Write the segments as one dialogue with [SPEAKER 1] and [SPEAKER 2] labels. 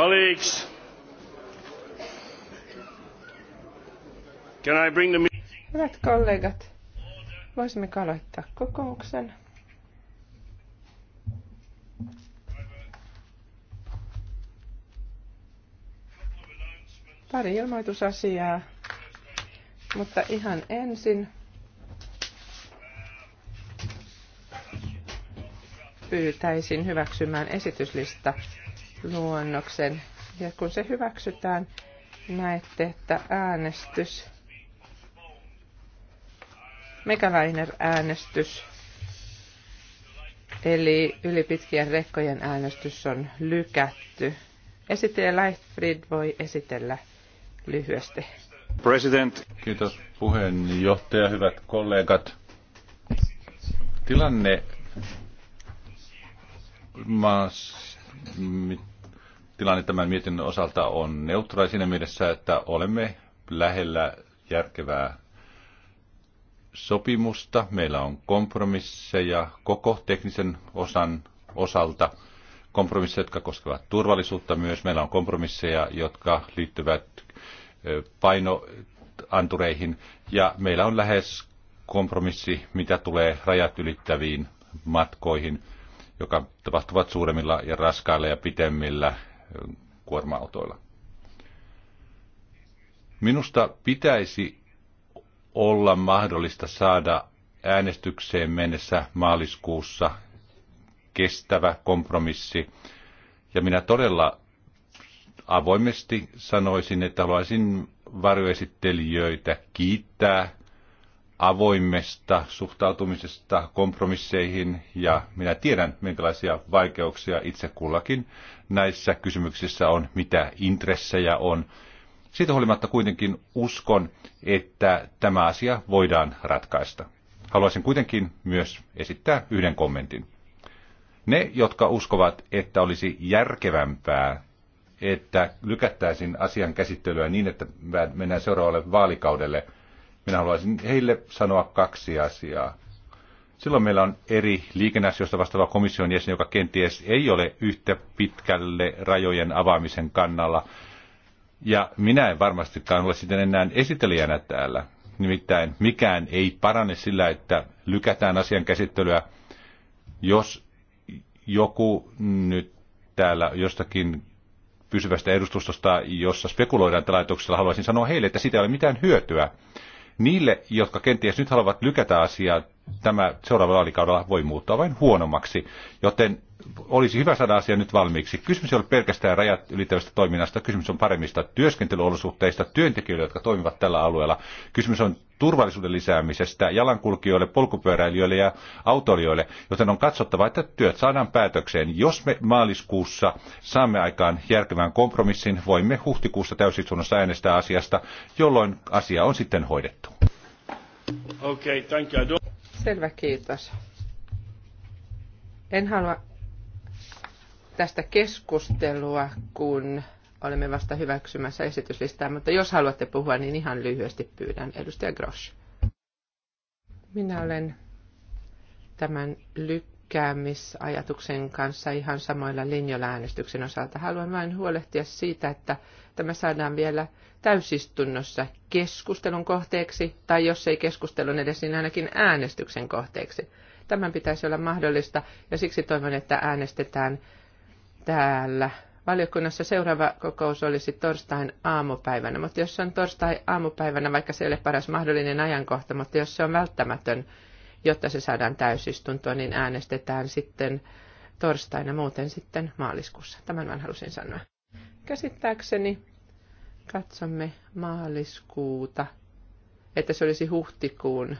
[SPEAKER 1] Colleagues, can I bring the
[SPEAKER 2] Hyvät kollegat, voisimme aloittaa kokouksen. Pari ilmoitusasiaa, mutta ihan ensin pyytäisin hyväksymään esityslista luonnoksen. Ja kun se hyväksytään, näette, että äänestys, Megaliner äänestys, eli ylipitkien rekkojen äänestys on lykätty. Esittelijä Lightfried voi esitellä lyhyesti.
[SPEAKER 3] President. Kiitos puheenjohtaja, hyvät kollegat. Tilanne maassa tilanne tämän mietinnön osalta on neutraali siinä mielessä, että olemme lähellä järkevää sopimusta. Meillä on kompromisseja koko teknisen osan osalta. Kompromisseja, jotka koskevat turvallisuutta myös. Meillä on kompromisseja, jotka liittyvät painoantureihin. Ja meillä on lähes kompromissi, mitä tulee rajat ylittäviin matkoihin, joka tapahtuvat suuremmilla ja raskailla ja pitemmillä kuorma-autoilla. Minusta pitäisi olla mahdollista saada äänestykseen mennessä maaliskuussa kestävä kompromissi. Ja minä todella avoimesti sanoisin, että haluaisin varjoesittelijöitä kiittää avoimesta suhtautumisesta kompromisseihin ja minä tiedän, minkälaisia vaikeuksia itse kullakin näissä kysymyksissä on, mitä intressejä on. Siitä huolimatta kuitenkin uskon, että tämä asia voidaan ratkaista. Haluaisin kuitenkin myös esittää yhden kommentin. Ne, jotka uskovat, että olisi järkevämpää, että lykättäisiin asian käsittelyä niin, että mennään seuraavalle vaalikaudelle, minä haluaisin heille sanoa kaksi asiaa. Silloin meillä on eri liikenneasioista vastaava komission jäsen, joka kenties ei ole yhtä pitkälle rajojen avaamisen kannalla. Ja minä en varmastikaan ole sitten enää esittelijänä täällä. Nimittäin mikään ei parane sillä, että lykätään asian käsittelyä, jos joku nyt täällä jostakin pysyvästä edustustosta, jossa spekuloidaan tällä laitoksella, haluaisin sanoa heille, että siitä ei ole mitään hyötyä. Niille, jotka kenties nyt haluavat lykätä asiaa tämä seuraavalla vaalikaudella voi muuttua vain huonommaksi, joten olisi hyvä saada asia nyt valmiiksi. Kysymys ei ole pelkästään rajat ylittävästä toiminnasta, kysymys on paremmista työskentelyolosuhteista työntekijöille, jotka toimivat tällä alueella. Kysymys on turvallisuuden lisäämisestä jalankulkijoille, polkupyöräilijöille ja autoilijoille, joten on katsottava, että työt saadaan päätökseen. Jos me maaliskuussa saamme aikaan järkevän kompromissin, voimme huhtikuussa täysistunnossa äänestää asiasta, jolloin asia on sitten hoidettu.
[SPEAKER 1] Okay,
[SPEAKER 2] thank you. Selvä, kiitos. En halua tästä keskustelua, kun olemme vasta hyväksymässä esityslistaa, mutta jos haluatte puhua, niin ihan lyhyesti pyydän. Edustaja Grosch. Minä olen tämän ly- lykkäämisajatuksen kanssa ihan samoilla linjoilla äänestyksen osalta. Haluan vain huolehtia siitä, että tämä saadaan vielä täysistunnossa keskustelun kohteeksi, tai jos ei keskustelun edes, niin ainakin äänestyksen kohteeksi. Tämän pitäisi olla mahdollista, ja siksi toivon, että äänestetään täällä valiokunnassa seuraava kokous olisi torstain aamupäivänä, mutta jos se on torstai aamupäivänä, vaikka se ei ole paras mahdollinen ajankohta, mutta jos se on välttämätön, jotta se saadaan täysistuntoon, niin äänestetään sitten torstaina, muuten sitten maaliskuussa. Tämän vain halusin sanoa. Käsittääkseni katsomme maaliskuuta, että se olisi huhtikuun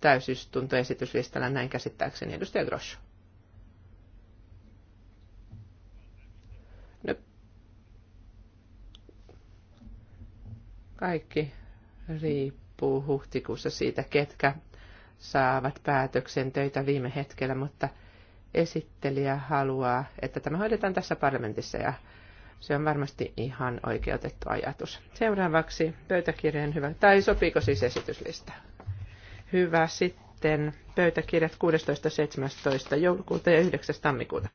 [SPEAKER 2] täysistuntoesityslistalla näin käsittääkseni. Edustaja Grosch. No, kaikki riippuu huhtikuussa siitä, ketkä saavat päätöksen töitä viime hetkellä, mutta esittelijä haluaa, että tämä hoidetaan tässä parlamentissa ja se on varmasti ihan oikeutettu ajatus. Seuraavaksi pöytäkirjeen hyvä, tai sopiiko siis esityslista? Hyvä, sitten pöytäkirjat 16. 17. joulukuuta ja 9. tammikuuta.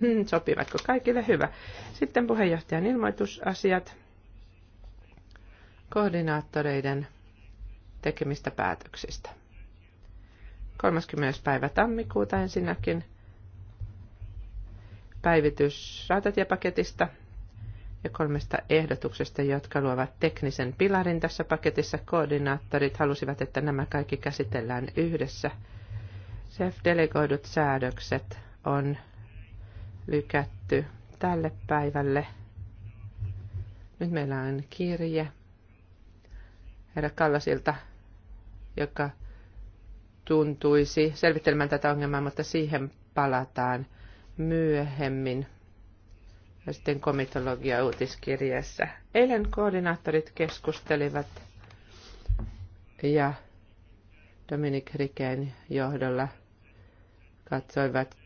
[SPEAKER 2] Hmm, sopivatko kaikille? Hyvä. Sitten puheenjohtajan ilmoitusasiat, koordinaattoreiden tekemistä päätöksistä. 30. päivä tammikuuta ensinnäkin päivitys rautatiepaketista ja kolmesta ehdotuksesta, jotka luovat teknisen pilarin tässä paketissa. Koordinaattorit halusivat, että nämä kaikki käsitellään yhdessä. SEF-delegoidut säädökset on lykätty tälle päivälle. Nyt meillä on kirje herra Kallasilta, joka tuntuisi selvittelemään tätä ongelmaa, mutta siihen palataan myöhemmin ja sitten komitologia uutiskirjassa. Eilen koordinaattorit keskustelivat ja Dominik Riken johdolla katsoivat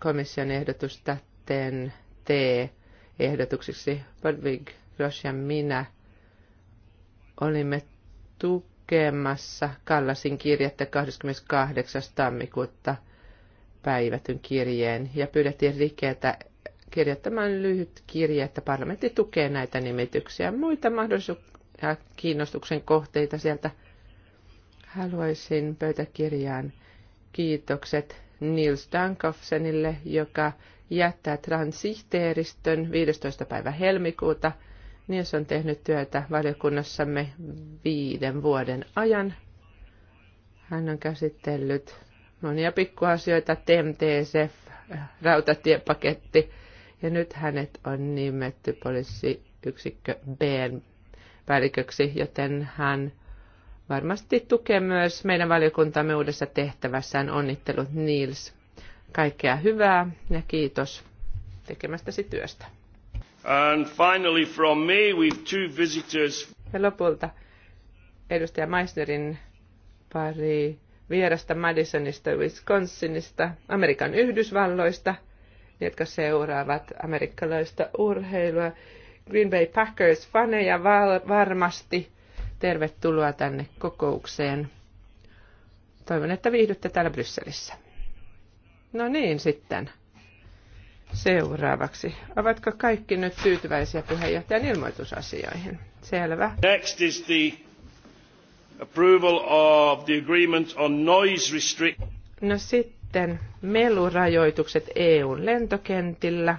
[SPEAKER 2] komission ehdotusta TEN T-ehdotuksiksi. Podvig, Rosh ja minä olimme tu- lukemassa Kallasin kirjettä 28. tammikuuta päivätyn kirjeen ja pyydettiin Riketä kirjoittamaan lyhyt kirje, että parlamentti tukee näitä nimityksiä. Muita mahdollisuuksia kiinnostuksen kohteita sieltä haluaisin pöytäkirjaan kiitokset Nils Dankofsenille, joka jättää transihteeristön 15. päivä helmikuuta – mies on tehnyt työtä valiokunnassamme viiden vuoden ajan. Hän on käsitellyt monia pikkuasioita, TMTSF, rautatiepaketti, ja nyt hänet on nimetty poliisiyksikkö b päälliköksi, joten hän varmasti tukee myös meidän valiokuntamme uudessa tehtävässään. Onnittelut Niels. Kaikkea hyvää ja kiitos tekemästäsi työstä.
[SPEAKER 1] And finally from me we've two visitors.
[SPEAKER 2] Ja lopulta edustaja Meissnerin pari vierasta Madisonista, Wisconsinista, Amerikan Yhdysvalloista, jotka seuraavat amerikkalaista urheilua. Green Bay Packers faneja varmasti. Tervetuloa tänne kokoukseen. Toivon, että viihdytte täällä Brysselissä. No niin sitten. Seuraavaksi. Ovatko kaikki nyt tyytyväisiä puheenjohtajan ilmoitusasioihin?
[SPEAKER 1] Selvä. Next is the approval of the agreement on noise restrict...
[SPEAKER 2] No sitten melurajoitukset EUn lentokentillä.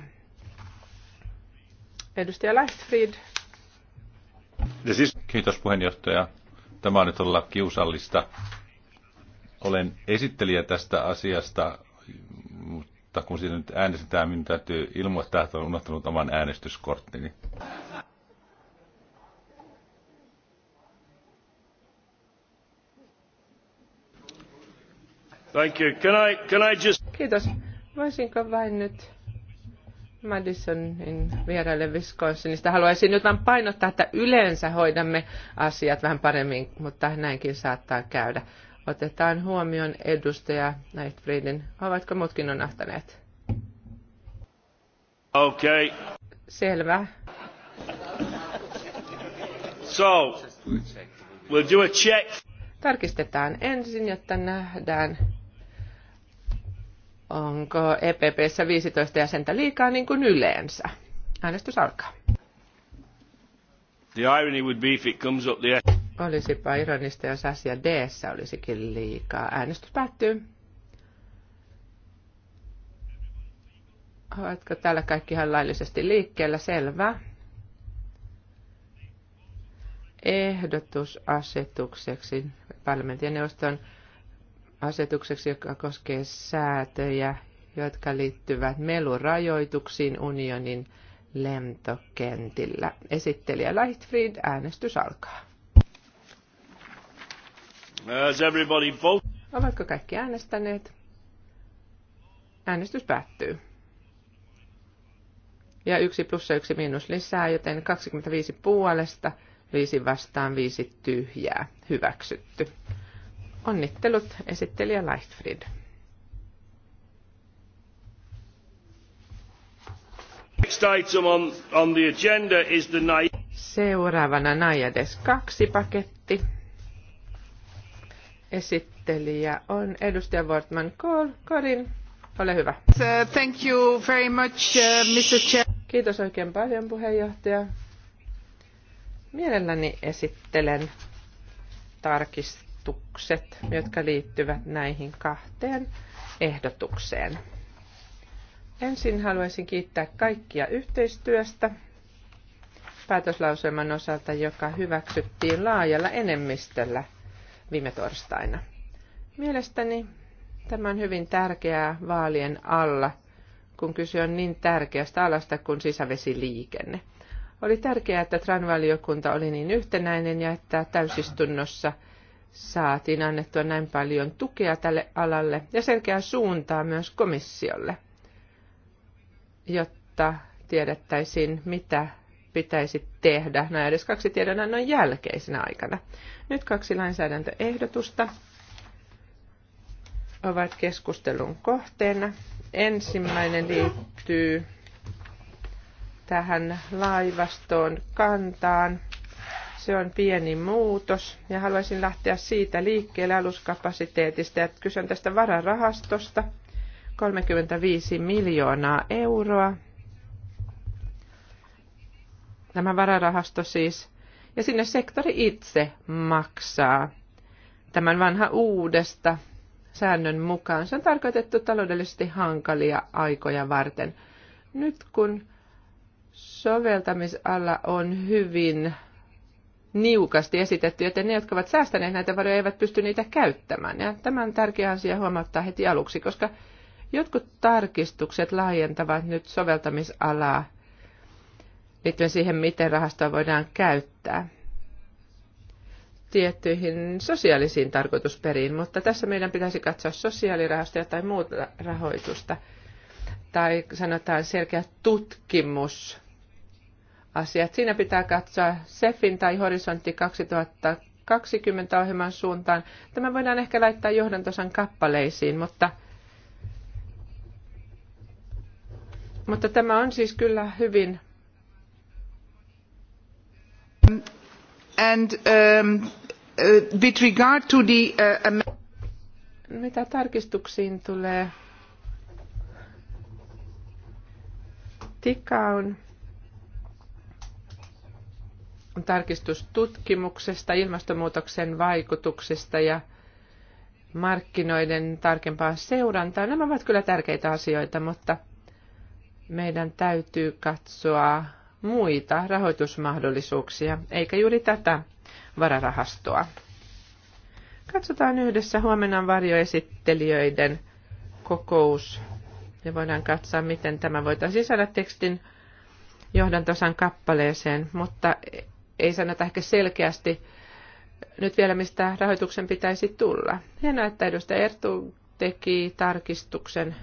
[SPEAKER 2] Edustaja Leichtfried.
[SPEAKER 3] Kiitos puheenjohtaja. Tämä on nyt olla kiusallista. Olen esittelijä tästä asiasta, mutta kun siitä nyt äänestetään, minun täytyy ilmoittaa, että olen unohtanut oman äänestyskorttini.
[SPEAKER 1] Thank you. Can I, can I just...
[SPEAKER 2] Kiitos. Voisinko vain nyt Madisonin vieraille Wisconsinista. Haluaisin nyt vain painottaa, että yleensä hoidamme asiat vähän paremmin, mutta näinkin saattaa käydä otetaan huomioon edustaja Leitfriedin. Ovatko muutkin unohtaneet?
[SPEAKER 1] Okei. Okay. Selvä. So, we'll do a check.
[SPEAKER 2] Tarkistetaan ensin, jotta nähdään, onko EPPssä 15 jäsentä liikaa niin kuin yleensä. Äänestys alkaa.
[SPEAKER 1] The irony would be if it comes up the
[SPEAKER 2] Olisipa ironista, jos asia d olisikin liikaa. Äänestys päättyy. Oletko täällä kaikki ihan laillisesti liikkeellä? Selvä. Ehdotus asetukseksi, parlamentin ja neuvoston asetukseksi, joka koskee säätöjä, jotka liittyvät melurajoituksiin unionin lentokentillä. Esittelijä Lightfried, äänestys alkaa.
[SPEAKER 1] Has everybody vote?
[SPEAKER 2] Ovatko kaikki äänestäneet? Äänestys päättyy. Ja yksi plus ja yksi miinus lisää, joten 25 puolesta, 5 vastaan, 5 tyhjää. Hyväksytty. Onnittelut esittelijä Leichtfried. Seuraavana Najades 2 paketti esittelijä on edustaja Wortman Kool. Karin, ole hyvä. Uh, thank you very much, uh, Mr. Chair. Kiitos oikein paljon puheenjohtaja. Mielelläni esittelen tarkistukset, jotka liittyvät näihin kahteen ehdotukseen. Ensin haluaisin kiittää kaikkia yhteistyöstä päätöslauselman osalta, joka hyväksyttiin laajalla enemmistöllä viime torstaina. Mielestäni tämä on hyvin tärkeää vaalien alla, kun kyse on niin tärkeästä alasta kuin sisävesiliikenne. Oli tärkeää, että Tran-valiokunta oli niin yhtenäinen ja että täysistunnossa saatiin annettua näin paljon tukea tälle alalle ja selkeää suuntaa myös komissiolle, jotta tiedettäisiin, mitä pitäisi tehdä no edes kaksi tiedonannon jälkeisenä aikana. Nyt kaksi lainsäädäntöehdotusta ovat keskustelun kohteena. Ensimmäinen liittyy tähän laivastoon kantaan. Se on pieni muutos ja haluaisin lähteä siitä liikkeelle aluskapasiteetista ja kyse tästä vararahastosta. 35 miljoonaa euroa tämä vararahasto siis, ja sinne sektori itse maksaa tämän vanha uudesta säännön mukaan. Se on tarkoitettu taloudellisesti hankalia aikoja varten. Nyt kun soveltamisalla on hyvin niukasti esitetty, joten ne, jotka ovat säästäneet näitä varoja, eivät pysty niitä käyttämään. Ja tämä on tärkeä asia huomauttaa heti aluksi, koska jotkut tarkistukset laajentavat nyt soveltamisalaa liittyen siihen, miten rahastoa voidaan käyttää tiettyihin sosiaalisiin tarkoitusperiin, mutta tässä meidän pitäisi katsoa sosiaalirahastoja tai muuta rahoitusta. Tai sanotaan selkeä tutkimus. Asiat. Siinä pitää katsoa SEFin tai Horisontti 2020 ohjelman suuntaan. Tämä voidaan ehkä laittaa johdantosan kappaleisiin, mutta, mutta tämä on siis kyllä hyvin Um, and, um, uh, with regard to the, uh, Mitä tarkistuksiin tulee? Tikka on tarkistustutkimuksesta, ilmastonmuutoksen vaikutuksista ja markkinoiden tarkempaa seurantaa. Nämä ovat kyllä tärkeitä asioita, mutta meidän täytyy katsoa muita rahoitusmahdollisuuksia, eikä juuri tätä vararahastoa. Katsotaan yhdessä huomenna varjoesittelijöiden kokous ja voidaan katsoa, miten tämä voitaisiin saada tekstin johdantosan kappaleeseen, mutta ei sanota ehkä selkeästi nyt vielä, mistä rahoituksen pitäisi tulla. Hienoa, että edustaja Ertu teki tarkistuksen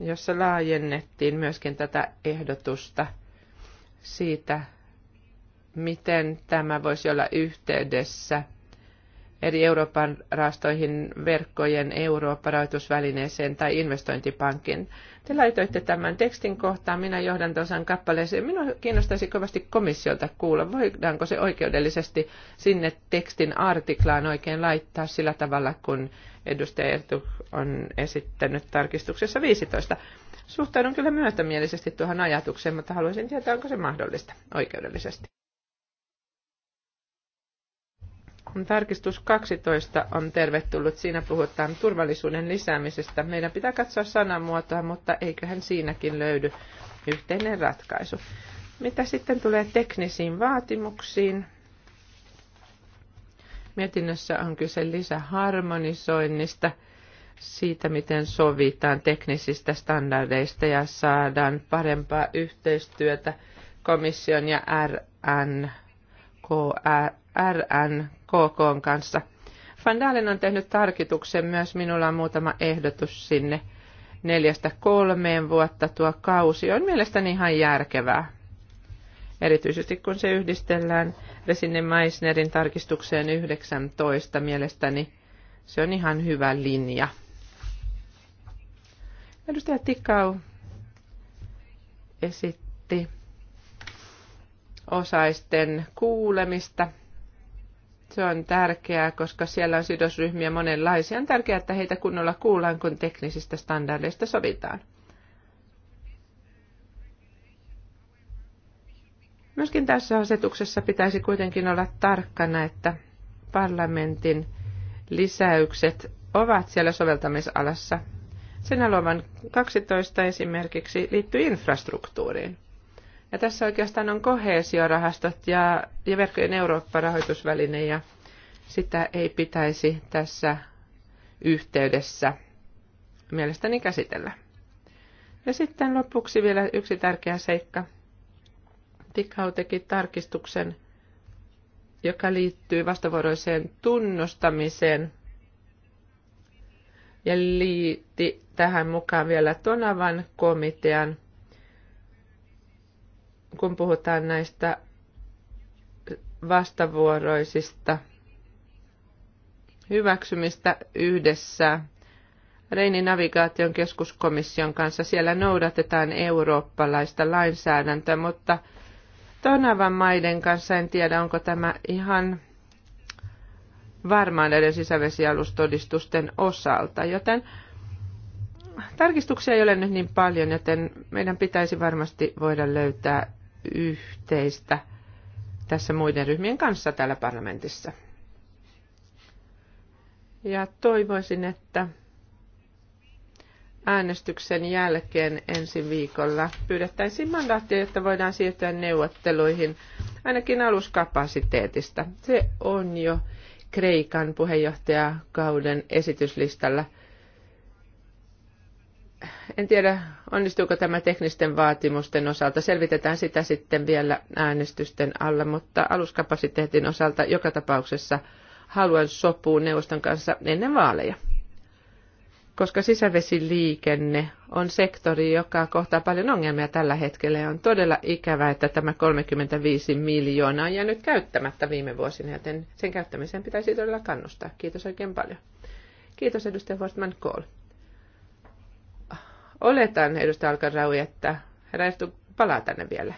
[SPEAKER 2] jossa laajennettiin myöskin tätä ehdotusta siitä, miten tämä voisi olla yhteydessä – eri Euroopan rahastoihin, verkkojen Eurooppa-rahoitusvälineeseen tai investointipankin. Te laitoitte tämän tekstin kohtaan, minä johdan tuosan kappaleeseen. Minua kiinnostaisi kovasti komissiolta kuulla, voidaanko se oikeudellisesti sinne tekstin artiklaan oikein laittaa sillä tavalla, kun edustaja Ertu on esittänyt tarkistuksessa 15. Suhtaudun kyllä myötämielisesti tuohon ajatukseen, mutta haluaisin tietää, onko se mahdollista oikeudellisesti. Tarkistus 12 on tervetullut. Siinä puhutaan turvallisuuden lisäämisestä. Meidän pitää katsoa sanamuotoa, mutta eiköhän siinäkin löydy yhteinen ratkaisu. Mitä sitten tulee teknisiin vaatimuksiin? Mietinnössä on kyse lisäharmonisoinnista, siitä miten sovitaan teknisistä standardeista ja saadaan parempaa yhteistyötä komission ja RN, RNKK kanssa. Fandalen on tehnyt tarkituksen myös, minulla on muutama ehdotus sinne. Neljästä kolmeen vuotta tuo kausi on mielestäni ihan järkevää. Erityisesti kun se yhdistellään Resinne Meissnerin tarkistukseen 19, mielestäni se on ihan hyvä linja. Edustaja Tikau esitti osaisten kuulemista se on tärkeää, koska siellä on sidosryhmiä monenlaisia. On tärkeää, että heitä kunnolla kuullaan, kun teknisistä standardeista sovitaan. Myöskin tässä asetuksessa pitäisi kuitenkin olla tarkkana, että parlamentin lisäykset ovat siellä soveltamisalassa. Sen aloivan 12 esimerkiksi liittyy infrastruktuuriin. Ja tässä oikeastaan on kohesiorahastot ja, ja verkkojen Eurooppa-rahoitusväline ja sitä ei pitäisi tässä yhteydessä mielestäni käsitellä. Ja sitten lopuksi vielä yksi tärkeä seikka. Tikau teki tarkistuksen, joka liittyy vastavuoroiseen tunnustamiseen ja liitti tähän mukaan vielä Tonavan komitean – kun puhutaan näistä vastavuoroisista hyväksymistä yhdessä Reini Navigaation keskuskomission kanssa. Siellä noudatetaan eurooppalaista lainsäädäntöä, mutta Tonavan maiden kanssa en tiedä, onko tämä ihan varmaan näiden sisävesialustodistusten osalta, joten tarkistuksia ei ole nyt niin paljon, joten meidän pitäisi varmasti voida löytää yhteistä tässä muiden ryhmien kanssa täällä parlamentissa. Ja toivoisin, että äänestyksen jälkeen ensi viikolla pyydettäisiin mandaattia, jotta voidaan siirtyä neuvotteluihin ainakin aluskapasiteetista. Se on jo Kreikan puheenjohtajakauden esityslistalla – en tiedä, onnistuuko tämä teknisten vaatimusten osalta. Selvitetään sitä sitten vielä äänestysten alla, mutta aluskapasiteetin osalta joka tapauksessa haluan sopua neuvoston kanssa ennen vaaleja. Koska sisävesiliikenne on sektori, joka kohtaa paljon ongelmia tällä hetkellä ja on todella ikävää, että tämä 35 miljoonaa on jäänyt käyttämättä viime vuosina, joten sen käyttämiseen pitäisi todella kannustaa. Kiitos oikein paljon. Kiitos edustaja Forstman Kohl. Oletan, edustaja Alkarau, että herra Ertu palaa tänne vielä.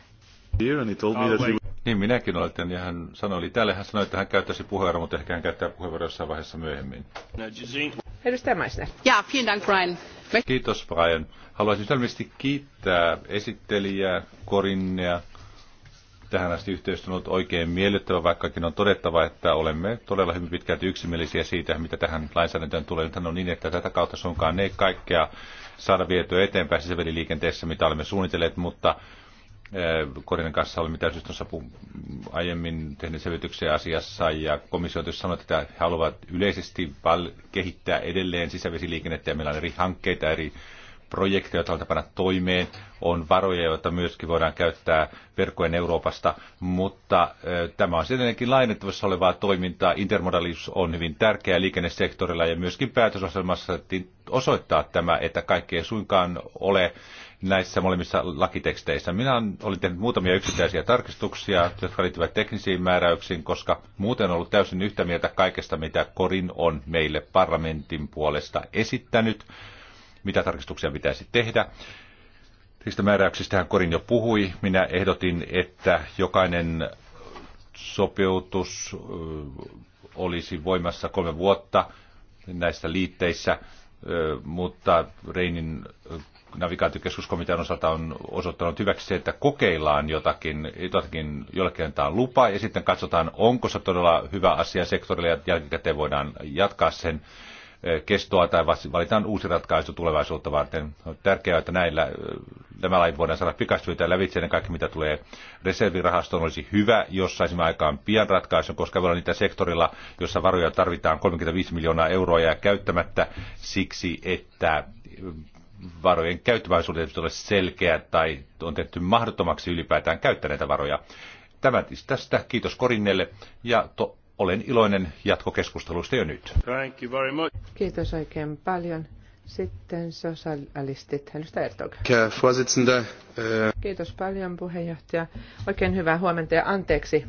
[SPEAKER 3] Niin, minäkin oletan, ja hän sanoi, täällä hän sanoi, että hän käyttäisi puheenvuoron, mutta ehkä hän käyttää puheenvuoron jossain vaiheessa myöhemmin. No,
[SPEAKER 2] edustaja Meissner. Ja, vielen dank, Brian.
[SPEAKER 3] Kiitos, Brian. Haluaisin selvästi kiittää esittelijää, Korinnea, tähän asti yhteys on ollut oikein miellyttävä, vaikkakin on todettava, että olemme todella hyvin pitkälti yksimielisiä siitä, mitä tähän lainsäädäntöön tulee. Nythän on niin, että tätä kautta suinkaan ne kaikkea saada vietyä eteenpäin sisäväliliikenteessä, mitä olemme suunnitelleet, mutta eh, Korinen kanssa olemme täysistunnossa aiemmin tehneet selvityksen asiassa ja komissio on sanonut, että he haluavat yleisesti kehittää edelleen sisävesiliikennettä ja meillä on eri hankkeita eri projekteja, joita halutaan panna toimeen, on varoja, joita myöskin voidaan käyttää verkkojen Euroopasta, mutta tämä on sittenkin lainettavassa olevaa toimintaa. intermodalisuus on hyvin tärkeä liikennesektorilla ja myöskin päätösohjelmassa osoittaa tämä, että kaikki ei suinkaan ole näissä molemmissa lakiteksteissä. Minä olin tehnyt muutamia yksittäisiä tarkistuksia, jotka liittyvät teknisiin määräyksiin, koska muuten on ollut täysin yhtä mieltä kaikesta, mitä Korin on meille parlamentin puolesta esittänyt mitä tarkistuksia pitäisi tehdä. hän Korin jo puhui. Minä ehdotin, että jokainen sopeutus olisi voimassa kolme vuotta näissä liitteissä, mutta Reinin navigaatiokeskuskomitean osalta on osoittanut hyväksi se, että kokeillaan jotakin, jotakin jollekin antaa lupa ja sitten katsotaan, onko se todella hyvä asia sektorille ja jälkikäteen voidaan jatkaa sen Eh, kestoa tai valitaan uusi ratkaisu tulevaisuutta varten. On tärkeää, että näillä nämä eh, lait voidaan saada pikaisesti lävitse ennen kaikki, mitä tulee reservirahastoon. Olisi hyvä, jos saisimme aikaan pian ratkaisun, koska meillä on niitä sektorilla, jossa varoja tarvitaan 35 miljoonaa euroa ja käyttämättä siksi, että eh, varojen käyttömahdollisuudet eivät ole selkeä tai on tehty mahdottomaksi ylipäätään käyttää näitä varoja. Tämä siis tästä. Kiitos Korinnelle ja to, olen iloinen jatkokeskustelusta jo nyt. Thank you very much.
[SPEAKER 2] Kiitos oikein paljon. Sitten sosialistit, edustaja Ertog. Äh, kiitos paljon puheenjohtaja. Oikein hyvää huomenta ja anteeksi,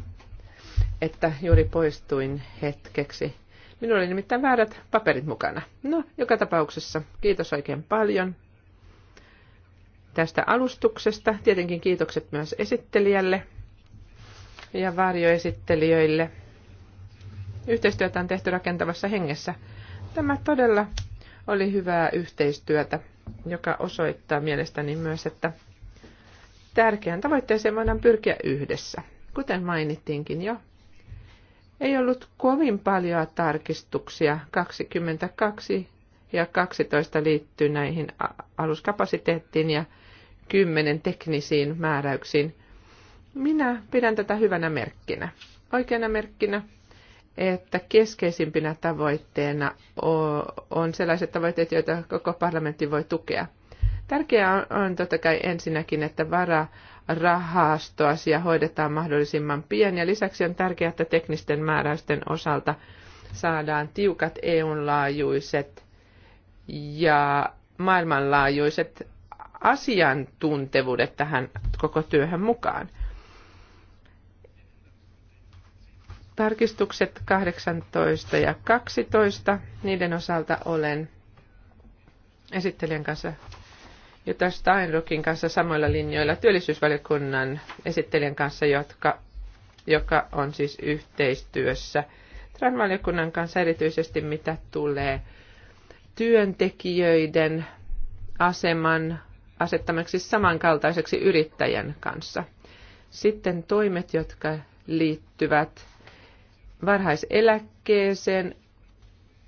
[SPEAKER 2] että juuri poistuin hetkeksi. Minulla oli nimittäin väärät paperit mukana. No, joka tapauksessa kiitos oikein paljon tästä alustuksesta. Tietenkin kiitokset myös esittelijälle ja varjoesittelijöille Yhteistyötä on tehty rakentavassa hengessä. Tämä todella oli hyvää yhteistyötä, joka osoittaa mielestäni myös, että tärkeän tavoitteeseen voidaan pyrkiä yhdessä. Kuten mainittiinkin jo, ei ollut kovin paljon tarkistuksia. 22 ja 12 liittyy näihin aluskapasiteettiin ja 10 teknisiin määräyksiin. Minä pidän tätä hyvänä merkkinä. Oikeana merkkinä että keskeisimpinä tavoitteena on sellaiset tavoitteet, joita koko parlamentti voi tukea. Tärkeää on totta kai ensinnäkin, että vararahastoasia hoidetaan mahdollisimman pian ja lisäksi on tärkeää, että teknisten määräysten osalta saadaan tiukat eu laajuiset ja maailmanlaajuiset asiantuntevuudet tähän koko työhön mukaan. Tarkistukset 18 ja 12, niiden osalta olen esittelijän kanssa Jutta Steinruckin kanssa samoilla linjoilla työllisyysvaliokunnan esittelijän kanssa, jotka, joka on siis yhteistyössä TRAN-valiokunnan kanssa erityisesti mitä tulee työntekijöiden aseman asettamaksi samankaltaiseksi yrittäjän kanssa. Sitten toimet, jotka liittyvät varhaiseläkkeeseen,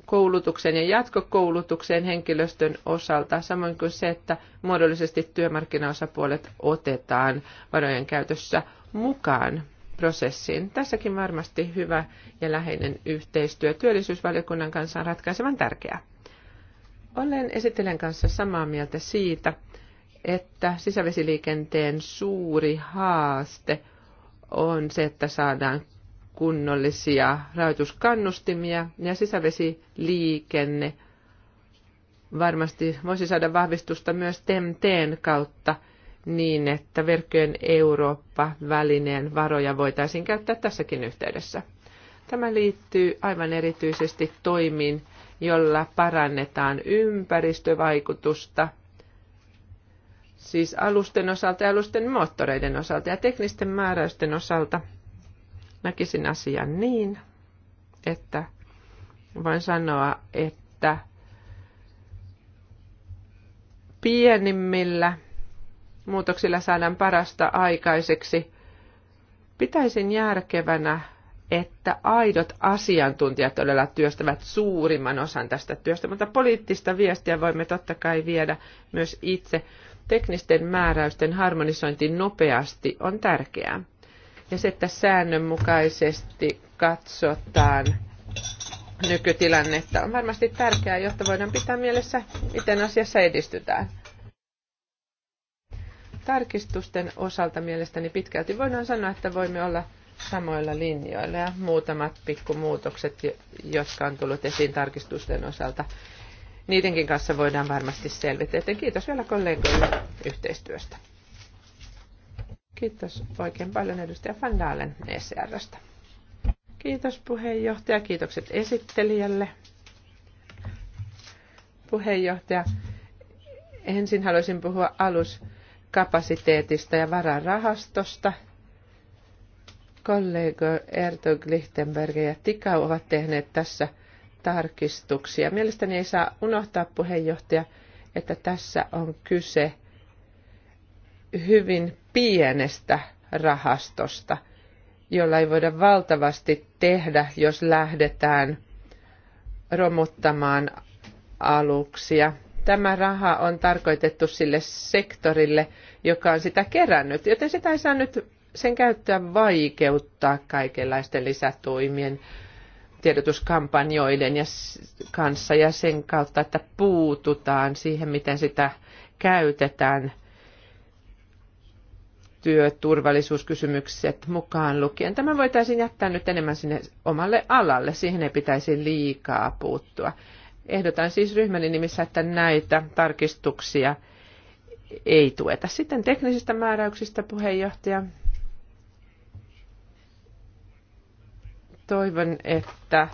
[SPEAKER 2] koulutuksen ja jatkokoulutukseen henkilöstön osalta, samoin kuin se, että muodollisesti työmarkkinaosapuolet otetaan varojen käytössä mukaan prosessiin. Tässäkin varmasti hyvä ja läheinen yhteistyö työllisyysvaliokunnan kanssa on ratkaisevan tärkeää. Olen esittelen kanssa samaa mieltä siitä, että sisävesiliikenteen suuri haaste on se, että saadaan kunnollisia rahoituskannustimia ja sisävesiliikenne varmasti voisi saada vahvistusta myös TEMTEen kautta niin, että verkkojen Eurooppa-välineen varoja voitaisiin käyttää tässäkin yhteydessä. Tämä liittyy aivan erityisesti toimiin, jolla parannetaan ympäristövaikutusta, siis alusten osalta ja alusten moottoreiden osalta ja teknisten määräysten osalta – Näkisin asian niin, että voin sanoa, että pienimmillä muutoksilla saadaan parasta aikaiseksi. Pitäisin järkevänä, että aidot asiantuntijat todella työstävät suurimman osan tästä työstä, mutta poliittista viestiä voimme totta kai viedä myös itse. Teknisten määräysten harmonisointi nopeasti on tärkeää ja se, että säännönmukaisesti katsotaan nykytilannetta on varmasti tärkeää, jotta voidaan pitää mielessä, miten asiassa edistytään. Tarkistusten osalta mielestäni pitkälti voidaan sanoa, että voimme olla samoilla linjoilla ja muutamat pikkumuutokset, jotka on tullut esiin tarkistusten osalta. Niidenkin kanssa voidaan varmasti selvitä. Joten kiitos vielä kollegoille yhteistyöstä. Kiitos oikein paljon edustaja Van Dalen ECRstä. Kiitos puheenjohtaja, kiitokset esittelijälle. Puheenjohtaja, ensin haluaisin puhua aluskapasiteetista ja vararahastosta. Kollego Ertog, Lichtenberg ja Tikau ovat tehneet tässä tarkistuksia. Mielestäni ei saa unohtaa puheenjohtaja, että tässä on kyse hyvin pienestä rahastosta, jolla ei voida valtavasti tehdä, jos lähdetään romuttamaan aluksia. Tämä raha on tarkoitettu sille sektorille, joka on sitä kerännyt, joten sitä ei saa nyt sen käyttöä vaikeuttaa kaikenlaisten lisätoimien tiedotuskampanjoiden ja kanssa ja sen kautta, että puututaan siihen, miten sitä käytetään – työturvallisuuskysymykset mukaan lukien. Tämä voitaisiin jättää nyt enemmän sinne omalle alalle, siihen ei pitäisi liikaa puuttua. Ehdotan siis ryhmäni nimissä, että näitä tarkistuksia ei tueta. Sitten teknisistä määräyksistä puheenjohtaja. Toivon, että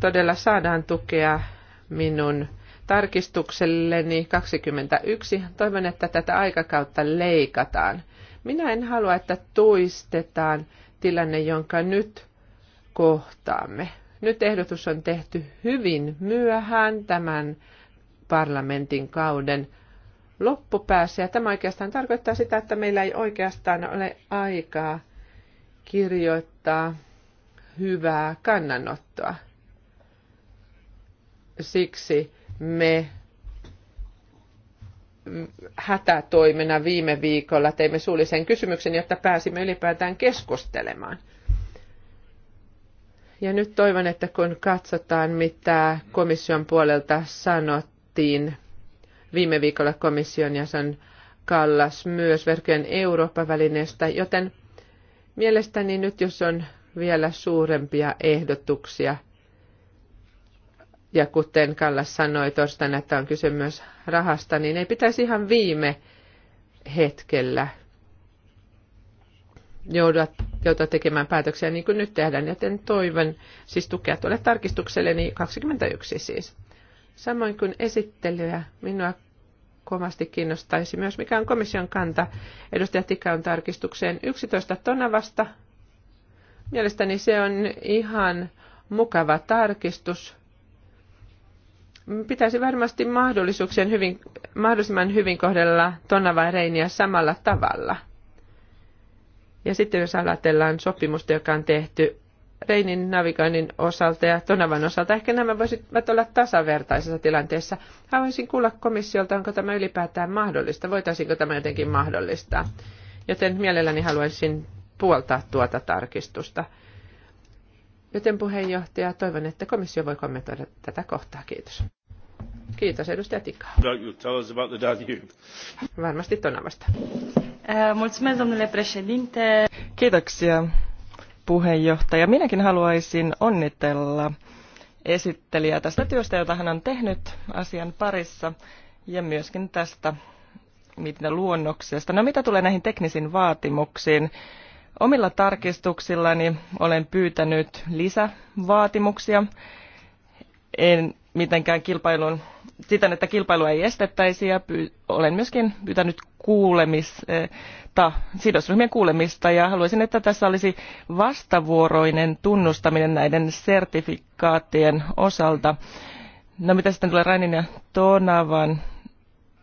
[SPEAKER 2] todella saadaan tukea minun tarkistukselleni 21. Toivon, että tätä aikakautta leikataan minä en halua, että toistetaan tilanne, jonka nyt kohtaamme. Nyt ehdotus on tehty hyvin myöhään tämän parlamentin kauden loppupäässä. Ja tämä oikeastaan tarkoittaa sitä, että meillä ei oikeastaan ole aikaa kirjoittaa hyvää kannanottoa. Siksi me hätätoimena viime viikolla teimme suullisen kysymyksen, jotta pääsimme ylipäätään keskustelemaan. Ja nyt toivon, että kun katsotaan, mitä komission puolelta sanottiin viime viikolla komission ja sen Kallas myös verkkojen Eurooppa-välineestä, joten mielestäni nyt jos on vielä suurempia ehdotuksia – ja kuten Kallas sanoi tuosta, että on kyse myös rahasta, niin ei pitäisi ihan viime hetkellä joudua, joutua tekemään päätöksiä niin kuin nyt tehdään, joten toivon siis tukea tuolle tarkistukselle, niin 21 siis. Samoin kuin esittelyä, minua kovasti kiinnostaisi myös, mikä on komission kanta edustaja Tikaun tarkistukseen 11 tonavasta. Mielestäni se on ihan mukava tarkistus Pitäisi varmasti mahdollisuuksien hyvin, mahdollisimman hyvin kohdella Tonava Reiniä samalla tavalla. Ja sitten jos ajatellaan sopimusta, joka on tehty Reinin navigoinnin osalta ja Tonavan osalta, ehkä nämä voisivat olla tasavertaisessa tilanteessa. Haluaisin kuulla komissiolta, onko tämä ylipäätään mahdollista, voitaisiinko tämä jotenkin mahdollistaa. Joten mielelläni haluaisin puoltaa tuota tarkistusta. Joten puheenjohtaja, toivon, että komissio voi kommentoida tätä kohtaa. Kiitos.
[SPEAKER 1] Kiitos, edustaja Tikka. Varmasti Tonavasta. Kiitoksia, puheenjohtaja. Minäkin haluaisin onnitella esittelijää tästä työstä, jota hän on tehnyt asian parissa ja myöskin tästä miten luonnoksesta. No mitä tulee näihin teknisiin vaatimuksiin? Omilla tarkistuksillani olen pyytänyt lisävaatimuksia. En, mitenkään kilpailun, siten, että kilpailu ei estettäisi ja py, olen myöskin pyytänyt kuulemista, sidosryhmien kuulemista ja haluaisin, että tässä olisi vastavuoroinen tunnustaminen näiden sertifikaattien osalta. No mitä sitten tulee Rainin ja Tonavan,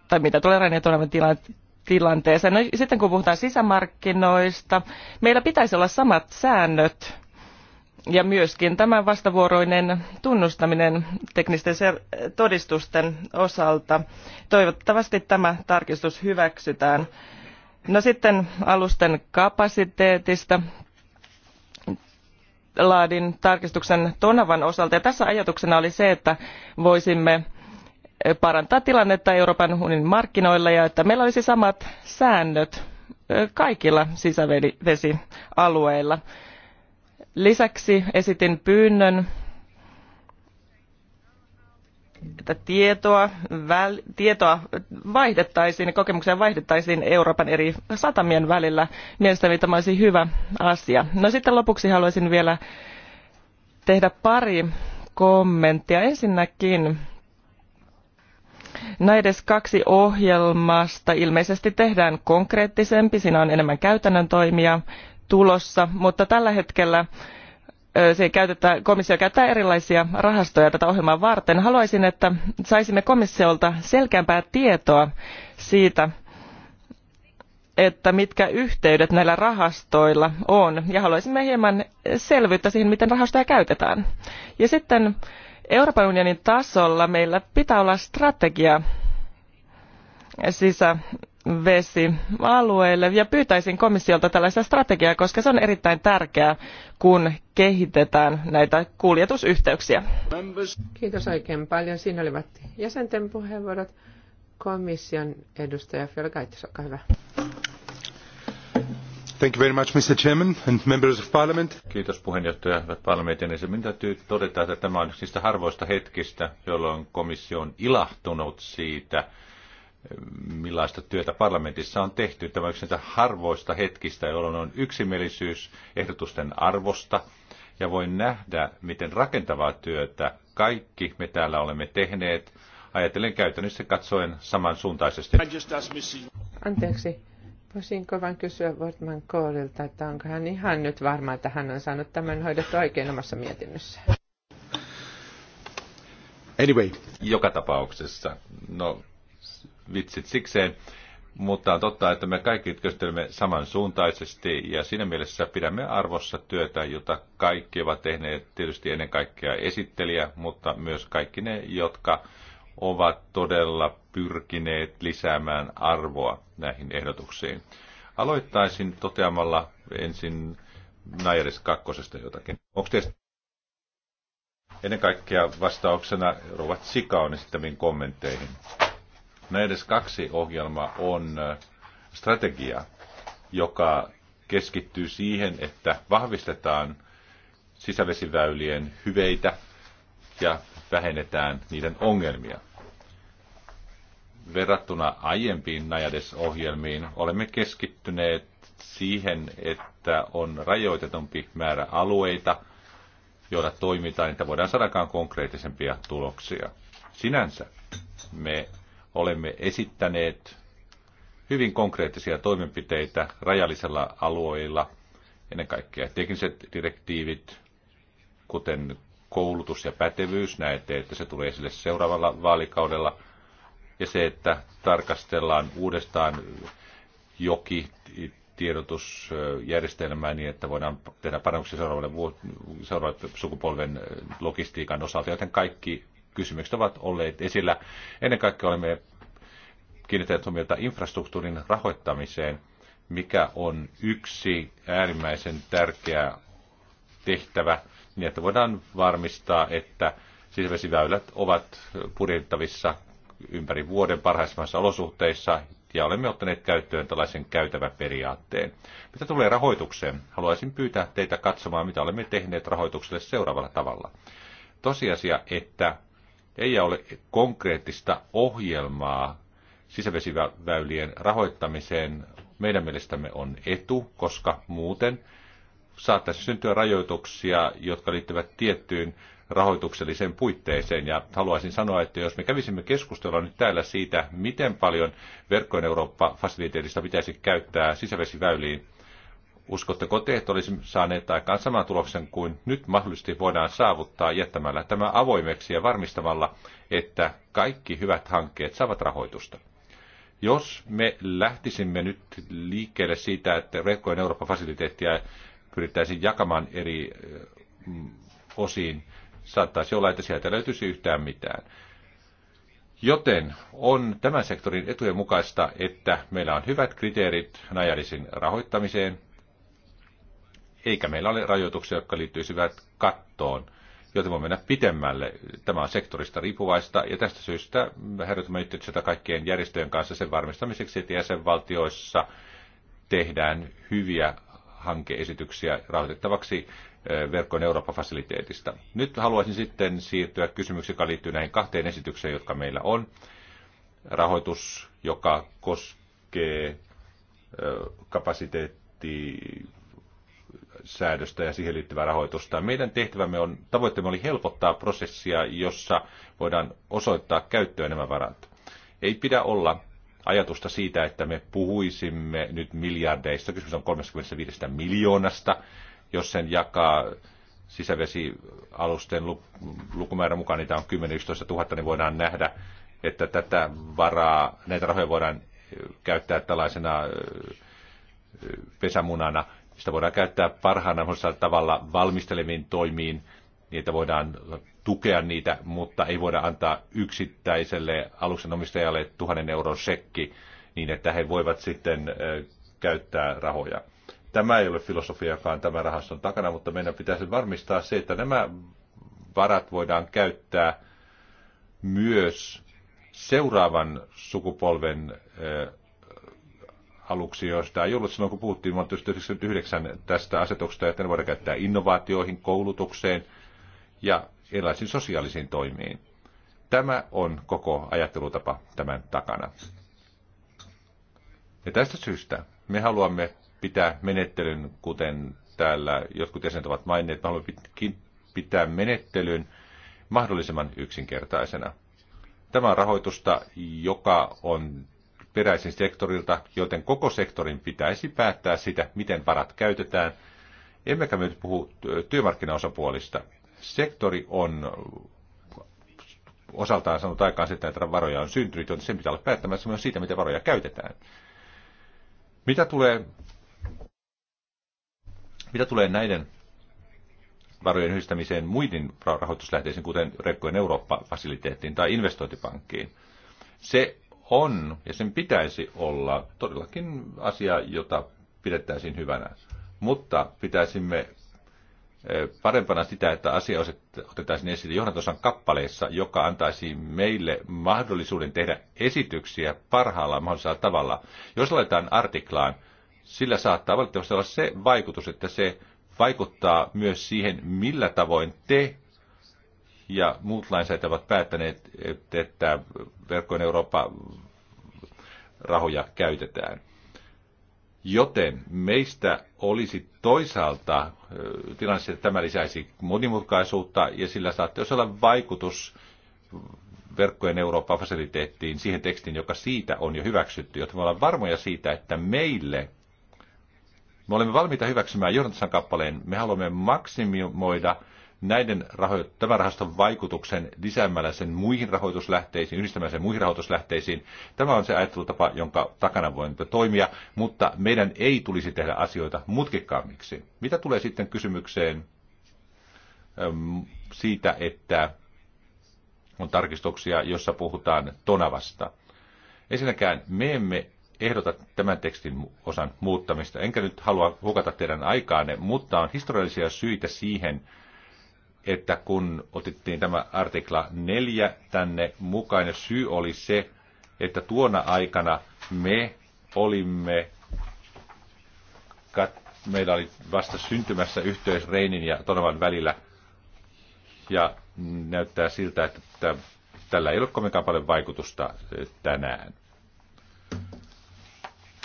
[SPEAKER 1] tai mitä tulee Rainin ja Tonavan tilanteeseen, tilanteeseen. No, sitten kun puhutaan sisämarkkinoista, meillä pitäisi olla samat säännöt ja myöskin tämä vastavuoroinen tunnustaminen teknisten todistusten osalta. Toivottavasti tämä tarkistus hyväksytään. No sitten alusten kapasiteetista laadin tarkistuksen Tonavan osalta. Ja tässä ajatuksena oli se, että voisimme parantaa tilannetta Euroopan unionin markkinoilla ja että meillä olisi samat säännöt kaikilla sisävesialueilla. Lisäksi esitin pyynnön, että tietoa, väl, tietoa vaihdettaisiin kokemuksia vaihdettaisiin Euroopan eri satamien välillä. Mielestäni tämä olisi hyvä asia. No sitten lopuksi haluaisin vielä tehdä pari kommenttia. Ensinnäkin näides kaksi ohjelmasta ilmeisesti tehdään konkreettisempi, siinä on enemmän käytännön toimia tulossa mutta tällä hetkellä komissio käyttää erilaisia rahastoja tätä ohjelmaa varten. haluaisin että saisimme komissiolta selkeämpää tietoa siitä että mitkä yhteydet näillä rahastoilla on ja haluaisimme hieman selvyyttä siihen miten rahastoja käytetään. ja sitten euroopan unionin tasolla meillä pitää olla strategia sisä vesialueille ja pyytäisin komissiolta tällaista strategiaa, koska se on erittäin tärkeää, kun kehitetään näitä kuljetusyhteyksiä.
[SPEAKER 2] Kiitos oikein paljon. Siinä olivat jäsenten puheenvuorot. Komission edustaja Fjellgaitis, olkaa hyvä.
[SPEAKER 3] Thank you very much, Mr. Chairman and members of parliament. Kiitos puheenjohtaja, hyvät parlamentin jäsenet. Täytyy todeta, että tämä on niistä harvoista hetkistä, jolloin komissio on ilahtunut siitä, millaista työtä parlamentissa on tehty. Tämä on yksi niitä harvoista hetkistä, jolloin on yksimielisyys ehdotusten arvosta. Ja voin nähdä, miten rakentavaa työtä kaikki me täällä olemme tehneet. Ajatellen käytännössä katsoen samansuuntaisesti.
[SPEAKER 2] Anteeksi. Voisinko vain kysyä Wortman Koolilta, että onko hän ihan nyt varma, että hän on saanut tämän hoidettu oikein omassa mietinnössä
[SPEAKER 3] Anyway. Joka tapauksessa. No, vitsit sikseen, mutta on totta, että me kaikki saman samansuuntaisesti ja siinä mielessä pidämme arvossa työtä, jota kaikki ovat tehneet, tietysti ennen kaikkea esittelijä, mutta myös kaikki ne, jotka ovat todella pyrkineet lisäämään arvoa näihin ehdotuksiin. Aloittaisin toteamalla ensin Nairis kakkosesta jotakin. Onko teistä ennen kaikkea vastauksena Rovat Sikaon esittämiin kommentteihin? Näides no kaksi ohjelma on strategia, joka keskittyy siihen, että vahvistetaan sisävesiväylien hyveitä ja vähennetään niiden ongelmia. Verrattuna aiempiin Najades-ohjelmiin olemme keskittyneet siihen, että on rajoitetumpi määrä alueita, joilla toimitaan, että voidaan saadakaan konkreettisempia tuloksia. Sinänsä me olemme esittäneet hyvin konkreettisia toimenpiteitä rajallisella alueilla, ennen kaikkea tekniset direktiivit, kuten koulutus ja pätevyys, näette, että se tulee esille seuraavalla vaalikaudella, ja se, että tarkastellaan uudestaan joki tiedotusjärjestelmää niin, että voidaan tehdä parannuksia seuraavalle, seuraavalle sukupolven logistiikan osalta, joten kaikki kysymykset ovat olleet esillä. Ennen kaikkea olemme kiinnittäneet huomiota infrastruktuurin rahoittamiseen, mikä on yksi äärimmäisen tärkeä tehtävä, niin että voidaan varmistaa, että sisävesiväylät ovat budjettavissa ympäri vuoden parhaisimmassa olosuhteissa, ja olemme ottaneet käyttöön tällaisen käytäväperiaatteen. Mitä tulee rahoitukseen, haluaisin pyytää teitä katsomaan, mitä olemme tehneet rahoitukselle seuraavalla tavalla. Tosiasia, että ei ole konkreettista ohjelmaa sisävesiväylien rahoittamiseen, meidän mielestämme on etu, koska muuten saattaisi syntyä rajoituksia, jotka liittyvät tiettyyn rahoitukselliseen puitteeseen. Ja haluaisin sanoa, että jos me kävisimme keskustelua nyt täällä siitä, miten paljon verkkojen Eurooppa-fasiliteetista pitäisi käyttää sisävesiväyliin, Uskotteko te, että olisimme saaneet aikaan saman tuloksen kuin nyt mahdollisesti voidaan saavuttaa jättämällä tämä avoimeksi ja varmistamalla, että kaikki hyvät hankkeet saavat rahoitusta? Jos me lähtisimme nyt liikkeelle siitä, että Redcoin Eurooppa-fasiliteettia pyrittäisiin jakamaan eri mm, osiin, saattaisi olla, että sieltä löytyisi yhtään mitään. Joten on tämän sektorin etujen mukaista, että meillä on hyvät kriteerit Najarisin rahoittamiseen, eikä meillä ole rajoituksia, jotka liittyisivät kattoon, joten voi mennä pitemmälle. Tämä on sektorista riippuvaista, ja tästä syystä herätämme yhteyttä kaikkien järjestöjen kanssa sen varmistamiseksi, että jäsenvaltioissa tehdään hyviä hankeesityksiä rahoitettavaksi eh, verkkojen Eurooppa-fasiliteetista. Nyt haluaisin sitten siirtyä kysymyksiin, joka liittyy näihin kahteen esitykseen, jotka meillä on. Rahoitus, joka koskee eh, kapasiteetti säädöstä ja siihen liittyvää rahoitusta. Meidän tehtävämme on, tavoitteemme oli helpottaa prosessia, jossa voidaan osoittaa käyttöön nämä varat. Ei pidä olla ajatusta siitä, että me puhuisimme nyt miljardeista, kysymys on 35 miljoonasta, jos sen jakaa sisävesialusten lukumäärän mukaan, niitä on 10-11 000, niin voidaan nähdä, että tätä varaa, näitä rahoja voidaan käyttää tällaisena pesämunana sitä voidaan käyttää parhaana tavalla valmistelemiin toimiin, niitä voidaan tukea niitä, mutta ei voida antaa yksittäiselle aluksen omistajalle tuhannen euron sekki niin, että he voivat sitten käyttää rahoja. Tämä ei ole filosofia, joka on tämän rahaston takana, mutta meidän pitäisi varmistaa se, että nämä varat voidaan käyttää myös seuraavan sukupolven aluksi, joista ei ollut silloin, kun puhuttiin vuonna 1999 tästä asetuksesta, että ne voidaan käyttää innovaatioihin, koulutukseen ja erilaisiin sosiaalisiin toimiin. Tämä on koko ajattelutapa tämän takana. Ja tästä syystä me haluamme pitää menettelyn, kuten täällä jotkut jäsenet ovat maininneet, me haluamme pitää menettelyn mahdollisimman yksinkertaisena. Tämä on rahoitusta, joka on peräisin sektorilta, joten koko sektorin pitäisi päättää sitä, miten varat käytetään. Emmekä me nyt puhu työmarkkinaosapuolista. Sektori on osaltaan sanonut aikaan sitä, että varoja on syntynyt, joten sen pitää olla päättämässä myös siitä, miten varoja käytetään. Mitä tulee, mitä tulee näiden varojen yhdistämiseen muiden rahoituslähteisiin, kuten Rekkojen Eurooppa-fasiliteettiin tai investointipankkiin. Se on, ja sen pitäisi olla, todellakin asia, jota pidettäisiin hyvänä. Mutta pitäisimme eh, parempana sitä, että asia otettaisiin esille johdantosan kappaleessa, joka antaisi meille mahdollisuuden tehdä esityksiä parhaalla mahdollisella tavalla. Jos laitetaan artiklaan, sillä saattaa valitettavasti olla se vaikutus, että se vaikuttaa myös siihen, millä tavoin te ja muut lainsäätäjät ovat päättäneet, että verkkojen Eurooppa-rahoja käytetään. Joten meistä olisi toisaalta tilanne, että tämä lisäisi monimutkaisuutta ja sillä saattaisi olla vaikutus verkkojen Euroopan fasiliteettiin, siihen tekstiin, joka siitä on jo hyväksytty, jotta me ollaan varmoja siitä, että meille, me olemme valmiita hyväksymään Jonathan kappaleen, me haluamme maksimoida – näiden raho- tämän rahaston vaikutuksen lisäämällä sen muihin rahoituslähteisiin, yhdistämällä sen muihin rahoituslähteisiin. Tämä on se ajattelutapa, jonka takana voimme toimia, mutta meidän ei tulisi tehdä asioita mutkikkaammiksi. Mitä tulee sitten kysymykseen siitä, että on tarkistuksia, jossa puhutaan tonavasta. Ensinnäkään me emme ehdota tämän tekstin osan muuttamista. Enkä nyt halua hukata teidän aikaanne, mutta on historiallisia syitä siihen, että kun otettiin tämä artikla 4 tänne mukaan, ja syy oli se, että tuona aikana me olimme, kat, meillä oli vasta syntymässä yhteys Reinin ja Tonovan välillä, ja näyttää siltä, että tällä ei ole kovinkaan paljon vaikutusta tänään.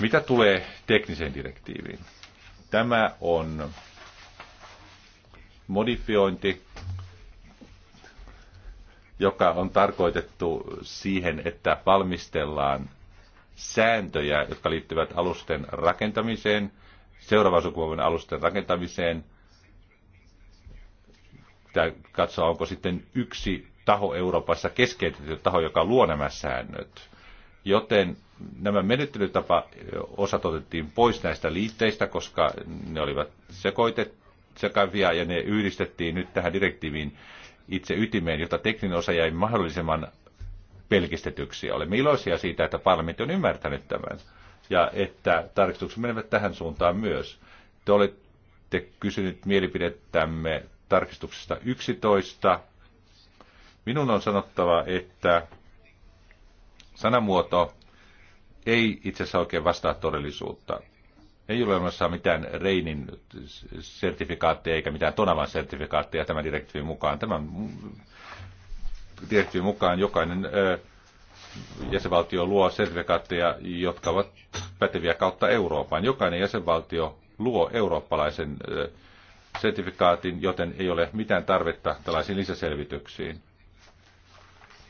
[SPEAKER 3] Mitä tulee tekniseen direktiiviin? Tämä on modifiointi, joka on tarkoitettu siihen, että valmistellaan sääntöjä, jotka liittyvät alusten rakentamiseen, seuraavan sukupolven alusten rakentamiseen. Tämä katsoa, onko sitten yksi taho Euroopassa keskeytetty taho, joka luo nämä säännöt. Joten nämä menettelytapa osat otettiin pois näistä liitteistä, koska ne olivat sekoitettu sekavia ja ne yhdistettiin nyt tähän direktiiviin itse ytimeen, jota tekninen osa jäi mahdollisimman pelkistetyksi. Olemme iloisia siitä, että parlamentti on ymmärtänyt tämän ja että tarkistukset menevät tähän suuntaan myös. Te olette kysynyt mielipidettämme tarkistuksesta 11. Minun on sanottava, että sanamuoto ei itse asiassa oikein vastaa todellisuutta. Ei ole olemassa mitään Reinin sertifikaatteja eikä mitään Tonavan sertifikaatteja tämän direktiivin mukaan. Tämän direktiivin mukaan jokainen jäsenvaltio luo sertifikaatteja, jotka ovat päteviä kautta Euroopan. Jokainen jäsenvaltio luo eurooppalaisen sertifikaatin, joten ei ole mitään tarvetta tällaisiin lisäselvityksiin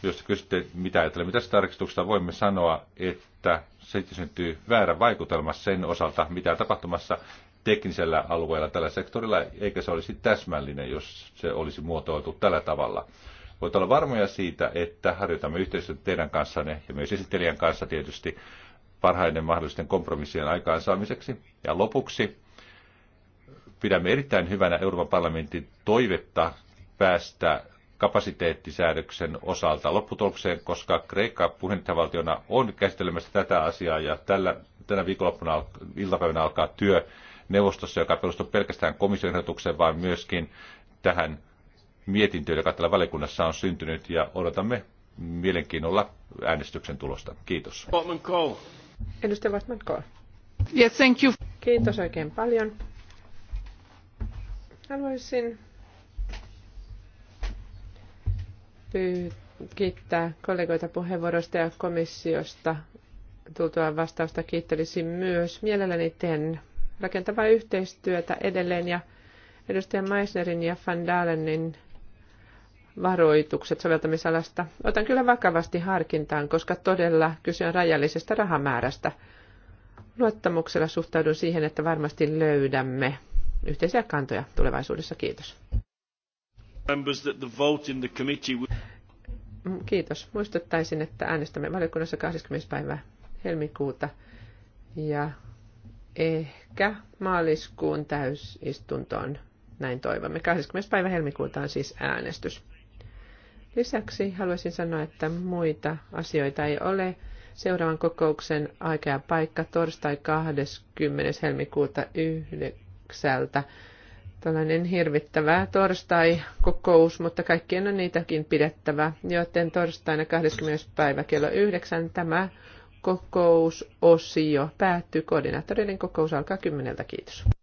[SPEAKER 3] jos kysytte, mitä mitä tästä tarkistuksesta, voimme sanoa, että se syntyy väärä vaikutelma sen osalta, mitä tapahtumassa teknisellä alueella tällä sektorilla, eikä se olisi täsmällinen, jos se olisi muotoiltu tällä tavalla. Voit olla varmoja siitä, että harjoitamme yhteistyötä teidän kanssanne ja myös esittelijän kanssa tietysti parhaiden mahdollisten kompromissien aikaansaamiseksi. Ja lopuksi pidämme erittäin hyvänä Euroopan parlamentin toivetta päästä kapasiteettisäädöksen osalta lopputulokseen, koska Kreikka puheenjohtajavaltiona on käsittelemässä tätä asiaa ja tällä, tänä viikonloppuna iltapäivänä alkaa työ neuvostossa, joka perustuu pelkästään komission ehdotukseen, vaan myöskin tähän mietintöön, joka täällä valiokunnassa on syntynyt ja odotamme mielenkiinnolla äänestyksen tulosta. Kiitos.
[SPEAKER 2] Edustaja Vatman Yes, thank you. Kiitos oikein paljon. Haluaisin kiittää kollegoita puheenvuorosta ja komissiosta tultua vastausta kiittelisin myös. Mielelläni teen rakentavaa yhteistyötä edelleen ja edustaja Meissnerin ja Van Dalenin varoitukset soveltamisalasta otan kyllä vakavasti harkintaan, koska todella kyse on rajallisesta rahamäärästä. Luottamuksella suhtaudun siihen, että varmasti löydämme yhteisiä kantoja tulevaisuudessa. Kiitos. Kiitos. Muistuttaisin, että äänestämme valiokunnassa 20. päivä helmikuuta ja ehkä maaliskuun täysistuntoon. Näin toivomme. 20. päivä helmikuuta on siis äänestys. Lisäksi haluaisin sanoa, että muita asioita ei ole. Seuraavan kokouksen aika ja paikka torstai 20. helmikuuta yhdeksältä tällainen hirvittävä torstai-kokous, mutta kaikkien on niitäkin pidettävä, joten torstaina 20. päivä kello 9 tämä kokousosio päättyy. Koordinaattoreiden kokous alkaa kymmeneltä. Kiitos.